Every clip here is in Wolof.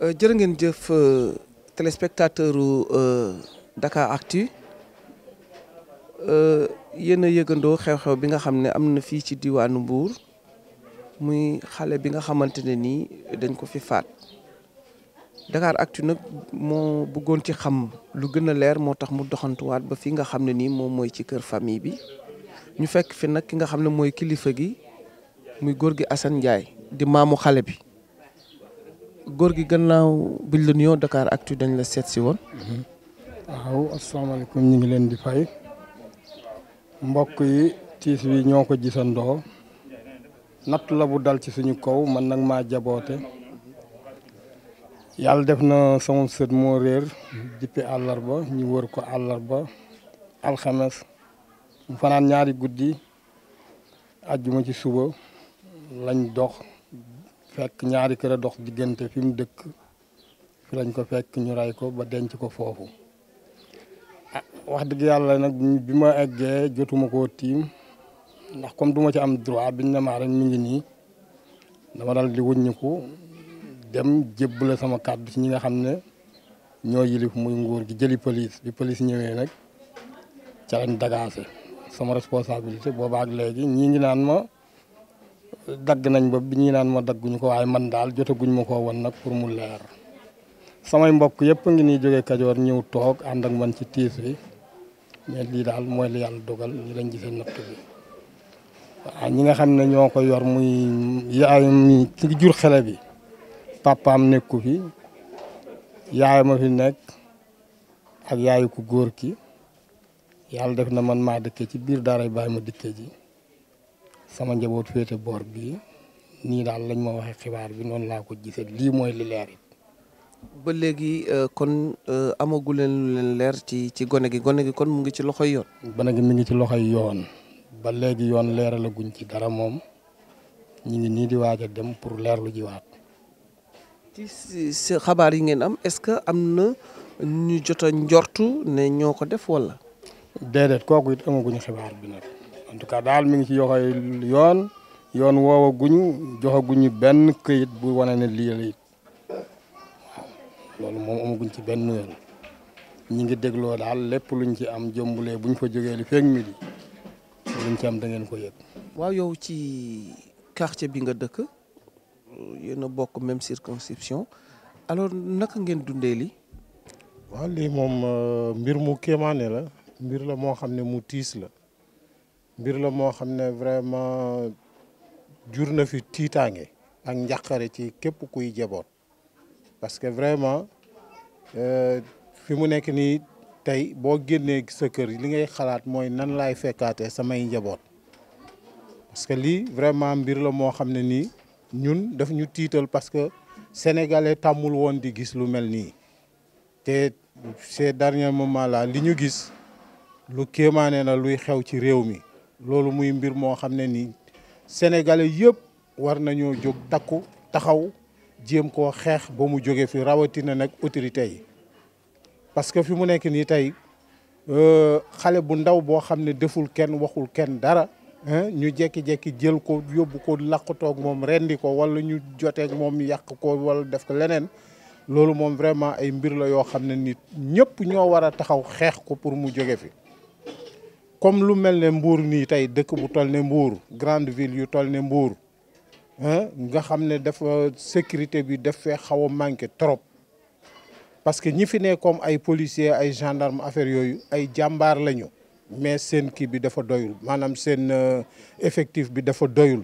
Euh, jërë ngeen jëf euh, téléspectateur u euh, Dakaractu yéen a yëgandoo xew-xew bi nga xam ne am na fii ci diwaanu mbuur muy xale bi nga xamante ne nii dañ ko fi faat dakar Dakaractu nag moo bëggoon ci xam lu gën a leer moo tax mu doxantuwaat ba fi nga xam ne nii moom mooy ci kër famille bi ñu fekk fi nag ki nga xam ne mooy kilifa gi muy góor gi Assane Ndiaye di maamu xale bi góor gi gannaaw biñ la nuyoo ak Actu dañ la seet si woon. waaw asalaamaaleykum ñu ngi leen di fay mbokk yi tiis wi ñoo ko gisandoo natt la bu dal ci suñu kow man nag maa jaboote yàlla def na sama sët moo réer dippi àllarba ñu wër ko àllarba alxames mu fanaan ñaari guddi àjjuma ci suba lañ dox fekk ñaari kër a dox diggante fi mu dëkk fi lañ ko fekk ñu rey ko ba denc ko foofu ah wax dëgg yàlla nag bi ma eggee jotuma koo tiim ndax comme duma ci am droit biñ ne maa rek mi ngi nii dama dal di ko dem jébbale sama kàddu ci ñi nga xam ne ñoo yilif muy nguur gi jëli police bi police ñëwee nag ca dagaase sama responsabilité boobaak léegi ñii ngi naan ma dagg nañ ba bi ñu naan ma dagguñu ko waaye man daal jotaguñ ma koo won nag pour mu leer samay mbokk yëpp ngi nii jóge kajoor ñëw toog ànd ak man ci tiis bi mais lii daal mooy li yàlla dogal ñu lañ gisee natt bi waaw ñi nga xam ne ñoo ko yor muy yaayam mi ki jur xale bi papaam nekku fi yaayam a fi nekk ak yaayu ku góor ki yàlla def na man maa dëkkee ci biir daaray bàyyi ma dikkee ji sama njaboot féete boor bii nii daal lañ ma waxee xibaar bi noonu laa ko gisee lii mooy li leer ba léegi euh, kon euh, amagu leen lu leen leer ci ci gone gi gone gi kon mu ngi ci loxoy yoon. gone gi ci loxoy yoon ba léegi yoon leeralaguñ ci dara moom ñu ngi nii di waaj a dem pour leerlu jiwaat. ci xabaar yi ngeen am est-ce que am na ñu jot a njortu ne ñoo ko def walla. déedéet kooku it amaguñu xibaar bi nag. en tout cas dal mi ngi ci yoxoy yoon yoon wowo guñu guñu ben keuyit bu wane ne lii la it waaw loolu moom ci ben yoon ñi ngi deglo dal lepp luñ ci am jombulé buñ fa joggé li mi di luñ ci am da ngeen ko yëg. waaw yow ci quartier bi nga dëkk yéna a bokk même circonscription alors naka ngeen dundé li waaw li mom euh, mbir mu kémané la mbir la mo xamné mu tiss la. birlo mo moo vraiment jurna fi titangé ak njàqare ci képp kuy jeboot parce que vraiment euh, fi mu nek ni tay bo génné sa kër li ngay xalaat moy nan lay fékaté samay njaboot parce que li vraiment birlo mo moo ni ñun daf ñu tiital parce que sénégalais tamul won di gis lu melni té ces derniers moments là li ñu gis lu kémané na luy xew ci réew mi loolu muy mbir moo xam ne nii sénégalais yëpp war nañoo jóg takku taxaw jéem koo xeex ba mu jóge fi rawatina nag autorité yi parce que fi mu nekk nii tey euh, xale bu ndaw boo xam ne deful kenn waxul kenn dara ñu jekki-jekki jël ko yóbbu ko làqatoog moom rendi ko wala ñu joteeg moom yàq ko wala def ko leneen loolu moom vraiment ay mbir la yoo xam ne nit ñëpp ñoo war a taxaw xeex ko pour mu jóge fi comme lu mel ne Mbour ni tay dëkk bu toll ne Mbour grande ville yu toll ne Mbour hein, nga xam ne dafa sécurité bi daf fee xaw manqué trop parce que ñi fi ne comme ay policiers ay gendarmes affaire yoyu ay jambar lañu mais sen ki bi dafa doyul manam sen euh, effectif bi dafa doyul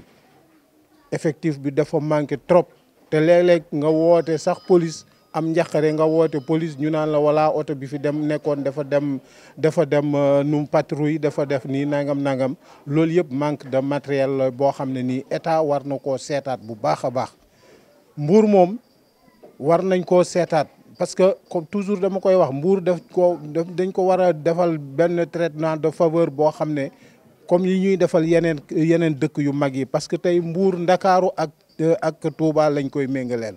effectif bi dafa manqué trop te léeg-léeg nga woote sax police am njaqare nga wote police ñu naan la wala auto bi fi dem nekkon dafa dem dafa dem euh, num patrouille dafa def ni nangam nangam lool yeb manque de matériel la boo xam ne état war nako koo bu baax baax mbuur war nañ ko seetaat parce que comme toujours dama koy wax mbuur def ko dañ ko wara defal ben traitement de faveur bo xam comme yi ñuy defal yenen yenen dëkk yu magi parce que tay mbuur dakaru ak euh, ak Touba lañ koy mengalel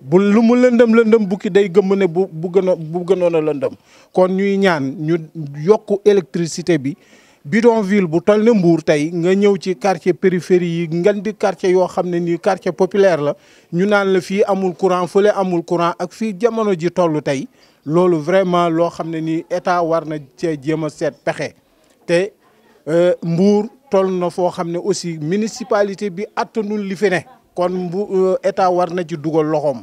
bu lu mu lëndëm lëndëm bukki day gëmm ne bu bu gënoon bu gënoon a lëndëm kon ñuy ñaan ñu yokk électricité bi bidon bidonville bu toll ne Mbour tey nga ñëw ci quartier périphérie yi ngeen di quartier yoo xam ne nii quartier populaire la ñu naan la fii amul courant fële amul courant ak fii jamono ji toll tey loolu vraiment loo xam ne nii état war na cee jéem a seet pexe te euh, Mbour toll na foo xam ne aussi municipalité bi attanul li fi ne. kon bu euh, état war na ci dugal loxom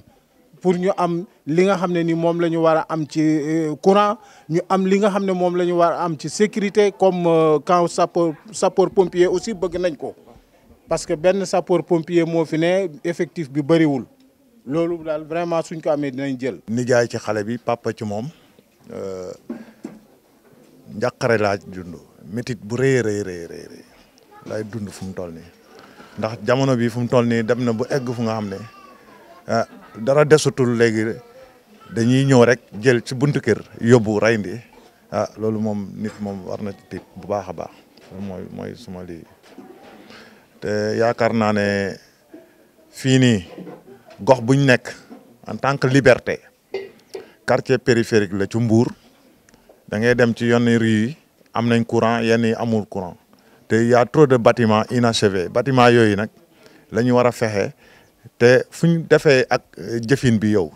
pour ñu am li nga xamné ni mom lañu wara am ci euh, courant ñu am li nga xamné mom lañu wara am ci sécurité comme euh, quand sapeur sapeur pompier aussi bëgg nañ ko parce que ben sapeur pompier mo fi né effectif bi wul lolu dal vraiment suñ ko amee dinañ jël. nijaay ci xalé bi papa ci euh ñakare la dund métit bu reey reey reey reey lay dund fu mu toll ndax jamono bi fu mu toll nii dem na bu egg fu nga xam ne ah, dara desutul léegi dañuy ñëw rek jël ci buntu kër yóbbu reyndi ah loolu moom nit moom war na tiit bu baax a baax loolu mooy mooy suma li te yaakaar naa ne fii nii gox buñ nekk en tant que liberté quartier périphérique la ci Mbour da ngay dem ci yenn rue yi courant yenn amul courant te y a trop de bâtiments inachevés bâtiments yooyu nag la ñu war a fexe te fu ak euh, jëfin bi yow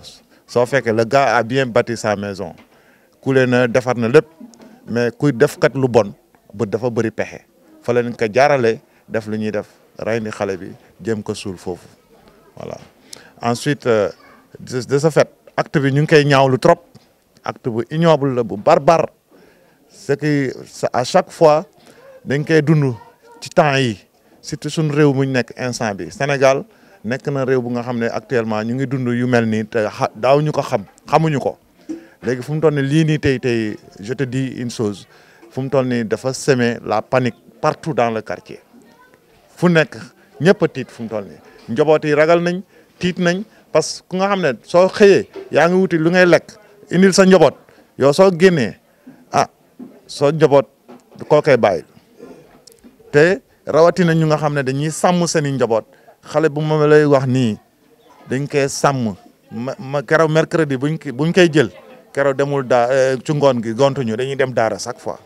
so fekkee le gars a bien bâti sa maison kule na défar na lepp mais kuy def kat lu bon bu dafa bëri pexé fa lañ ko jaralé def lu def rayni xalé bi jéem ko sul fofu voilà ensuite euh, de ce fait acte bi ñu ngi koy ñaawlu trop acte bu ignoble bu barbar c'est que à chaque fois dañ koy dundu ci temps yi surtout suñ réew muñ nekk instant bi Sénégal nekk na réew bu nga xam ne actuellement ñu ngi dund yu mel nii te daaw ñu ko xam xamuñu ko léegi fu mu toll nii lii nii tey tey je di dis une chose fu mu toll nii dafa semer la panique partout dans le quartier fu nekk ñëpp a tiit fu mu toll nii njaboot yi ragal nañ tiit nañ parce que ku nga xam ne soo xëyee yaa ngi wuti lu ngay lekk indil sa njaboot yow soo génnee ah soo njaboot koo koy bàyyi. te rawatina ñu nga xam ne dañuy sàmm seen i njaboot xale bu ma lay wax nii dañ koy sàmm ma ma keroog mercredi buñ koy buñ koy jël keroog demul daa eh, ci ngoon gi gontuñu dañuy dem daara chaque fois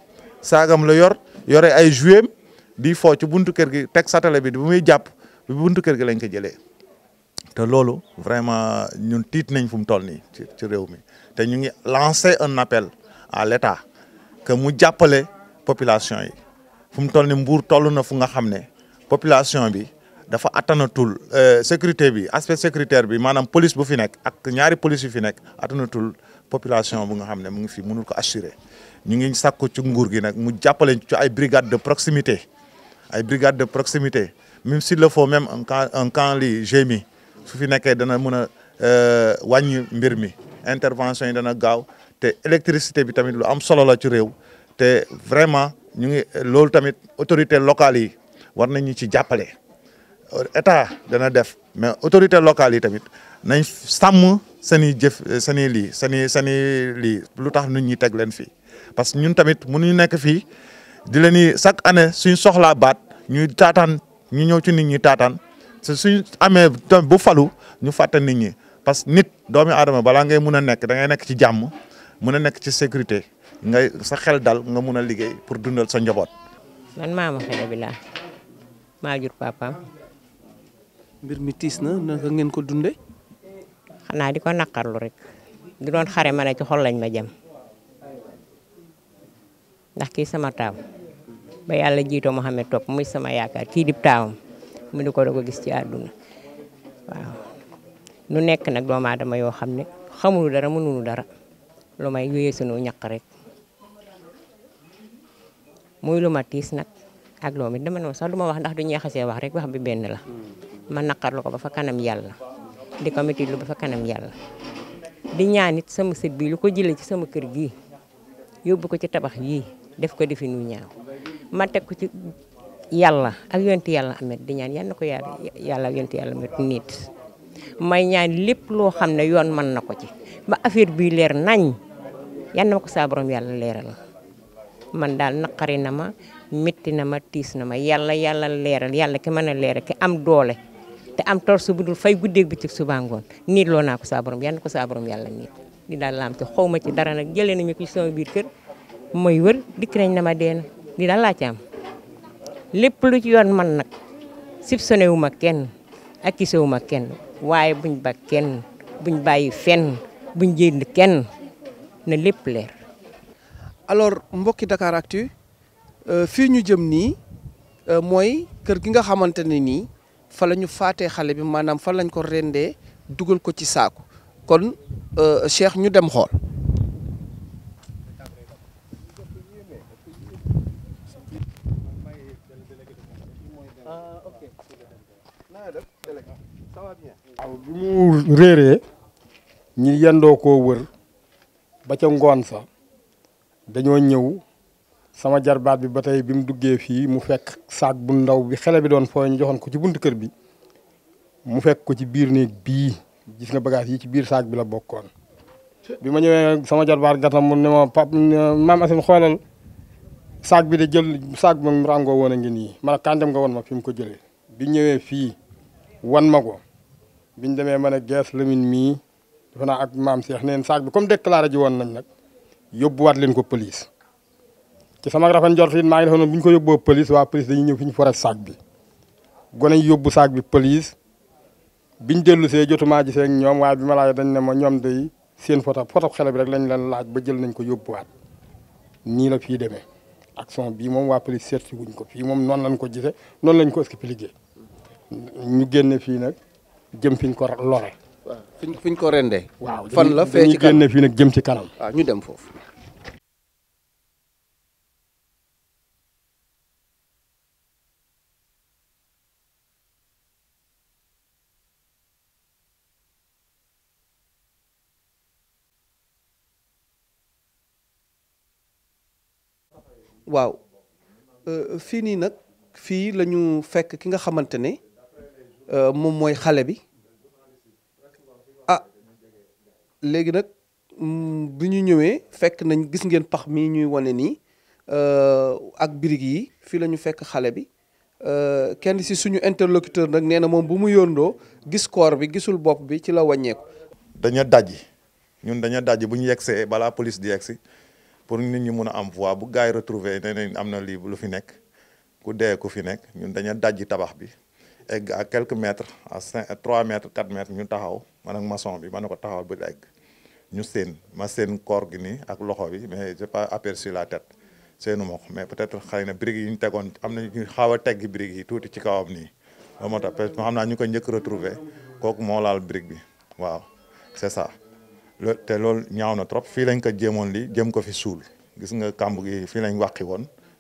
saagam la yor yore ay jouet di foo ci buntu kër gi teg satale bi bu muy jàpp bu buntu kër gi lañ ko jëlee. te loolu vraiment ñun tiit nañ fu mu toll nii ci ci réew mi te ñu ngi lancé un appel à l' état mu jàppale population yi. fu mu toll ni Mbour toll na fu nga xam ne population bi dafa attanatul euh, sécurité bi aspect sécuritaire bi maanaam police bu fi nekk ak ñaari police yu fi nekk attanatul population bu nga xam ne mu ngi fi mënul ko assurer ñu ngi sàkku ci nguur gi nag mu jàppale ci ay brigade de proximité ay brigade de proximité même s'il le faut même un camp un camp li GMI su fi nekkee dana mën a euh, wàññi mbir mi intervention yi dana gaaw te électricité bi tamit lu am solo la ci réew te vraiment ñu ngi lool tamit autorité locale yi war nañu ci jappalé état dana def mais autorité locale yi tamit nañ sam sani jëf seni li sani sani li lutax i nit ñi tegg leen fi parce ñun tamit ñu nekk fi di leen ni chaque année suñ soxla baat ñu taataan ñu ñëw ci nit ñi taataan te suñ amé bu falu ñu faté nit ñi parce que nit doomi adama bala ngay mëna nekk da ngay nekk ci jamm mëna nekk ci sécurité nga sa xel dal nga mëna liggéey pour dundal sa njaboot. man ma xale bi la ma jur papa mbir mi na nga ngeen ko dundé xana diko ko naqarlu rek. di doon xaré ma ci xol lañ ma jëm ndax ki sama taw ba yalla jito mohammed Top muy sama yaakar ki dip taw mu di ko gis ci aduna waaw nu nek nak do ma dama yo ne xamul dara mënulu dara lumay yoyé sunu ñak rek muy lu matis nak ak loolu it dama no sax luma wax ndax du ñeexasee wax rek wax bi ben la man nakar lako ba fa kanam yalla di committee lu ba fa kanam yalla di ñaanit sama sët bi lu ko jël ci sama kër gi yobbu ko ci tabax yii def ko defi nu ñaaw ma tek ko ci yalla ak yonti yalla amet di ñaan yalla ko yalla yuan ak yonti yalla met nit may ñaan lepp lo xamne yoon ci ba affaire bi leer nañ yalla nako sa borom yalla leeral man daal naqari na ma métti na ma tiis na ma yàlla yàlla leeral yàlla ki man a leeral ki am doole te am tor su dul fay guddeeg bi ci suba ngoon niit loo naa ko saa borom yal na ko saa yàlla niit di daal laam ci xaw ma ci dara nag jëlee nañu ko ci sama biir kër mooy wër dikk nañ na ma deen di daal laa ci am lépp lu ci yoon man nag soupçonné wu ma kenn accusé wu ma kenn waaye buñ ba kenn buñ bàyyi fenn buñ jënd kenn na lépp leer alors mbokki Dakaractu euh, fii ñu jëm nii euh, mooy kër gi nga xamante ne nii fa lañu ñu xale bi maanaam fa lañ ko rendee dugal ko ci saaku kon euh, Cheikh ñu dem xool waaw bi mu réeree ñi yendoo koo wër ba ca ngoon fa dañoo ñëw sama jarbaat bi ba tey bi mu duggee fii mu fekk saak bu ndaw bi xale bi doon fooy ñu joxoon ko ci buntu kër bi mu fekk ko ci biir néeg bii gis nga bagage yi ci biir saak bi la bokkoon. bi ma ñëwee sama jarbaat gàttam mu ne ma pap maam Asim xoolal saak bi de jël saak bi moom ràngoo woon a ngi nii man kan dem nga woon ma fi mu ko jëlee bi ñëwee fii wan ma ko biñ demee ma ne gees Lamine mii dafa naa ak maam seex neen saak bi comme déclaré ji woon nañ nag. yóbbuwaat leen ko police ci sama rafet njort it maa ngi defoon buñ ko yóbboo police waa police dañuy ñëw fi ñu foree saag bi gone yi yóbbu saag bi police biñ dellu see jotumaa gisee ak ñoom waaye bi ma laajee dañ ne ma ñoom day seen photo photo xale bi rek lañ leen laaj ba jël nañ ko yóbbuwaat nii la fii demee action bii moom waa police seetlu wuñ ko fii moom noonu lañ ko gisee noonu lañ ko expliquer ñu génne fii nag jëm fi ñu ko lore waaw fiñ fan la fee fii nag jëm ci kanam. waaw ah, ñu dem foofu. Euh, fii nii nag fii lañu fekk ki nga xamante ne euh, moom mooy xale bi. léegi nag mm, bi ñu ñëwee fekk nañ gis ngeen pax mii ñuy wane nii euh, ak birig yi fii la ñu fekk xale bi euh, kenn si suñu interlocuteur nag nee na moom bu mu yóndoo gis koor bi gisul bopp bi ci la wàññeeku. dañu dajji ñun dañu dajji bu ñu yegsee balaa police di yegsi pour nit ñu mun a am voix bu gars yi retrouver ne am na lii lu fi nekk ku dee ku fi nekk ñun dañu dajj tabax bi. egg à quelques mètres à cinq trois mètres quatre mètres ñu taxaw man ak maçon bi man ne ko taxawal ba egg ñu seen ma seen koor gi nii ak loxo bi mais j'ai pas aperçu la tête seenu ma mais peut-être xay na briques yi ñu tegoon am na ñu xaaw a teggi briques yi tuuti ci kawam nii ba moo tax peut xam naa ñu ko njëkk retrouver kooku moo laal brique bi waaw c'est ça te loolu ñaaw na trop fii lañ ko jéemoon li jëm ko fi suul gis nga kàmb gi fii lañ wàqi woon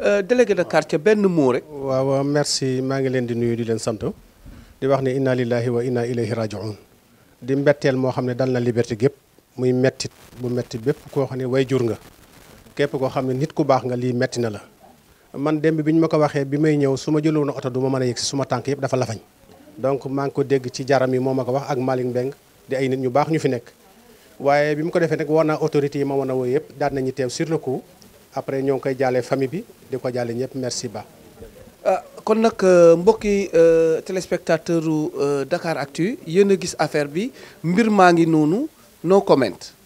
Euh, délégué de quartier benn mot rek. waaw merci maa ngi leen di nuyu di leen sant di wax ne inna lillahi wa inna ilayhi rajiun di mbetteel moo xam ne dal na liberté gépp muy mettit bu metti bépp koo xam ne way jur nga képp koo xam ne nit ku baax nga lii metti na la man démb bi ñu ma ko waxee bi may ñëw su ma na oto du ma mën a yegg si suma tànk yëpp dafa lafañ donc maa ngi ko dégg ci jaram yi moo ma ko wax ak Malick Mbengue di ay nit ñu baax ñu fi nekk waaye bi mu ko defee nag war naa autorité yi ma mën a woo yëpp daan nañu teew sur le coup après ñong koy jalé famille bi diko jalé ñep merci ba. Euh, kon nak euh, mbokki euh, téléspectateur Dakar Actu yeena gis affaire bi mbir maangi ngi no comment.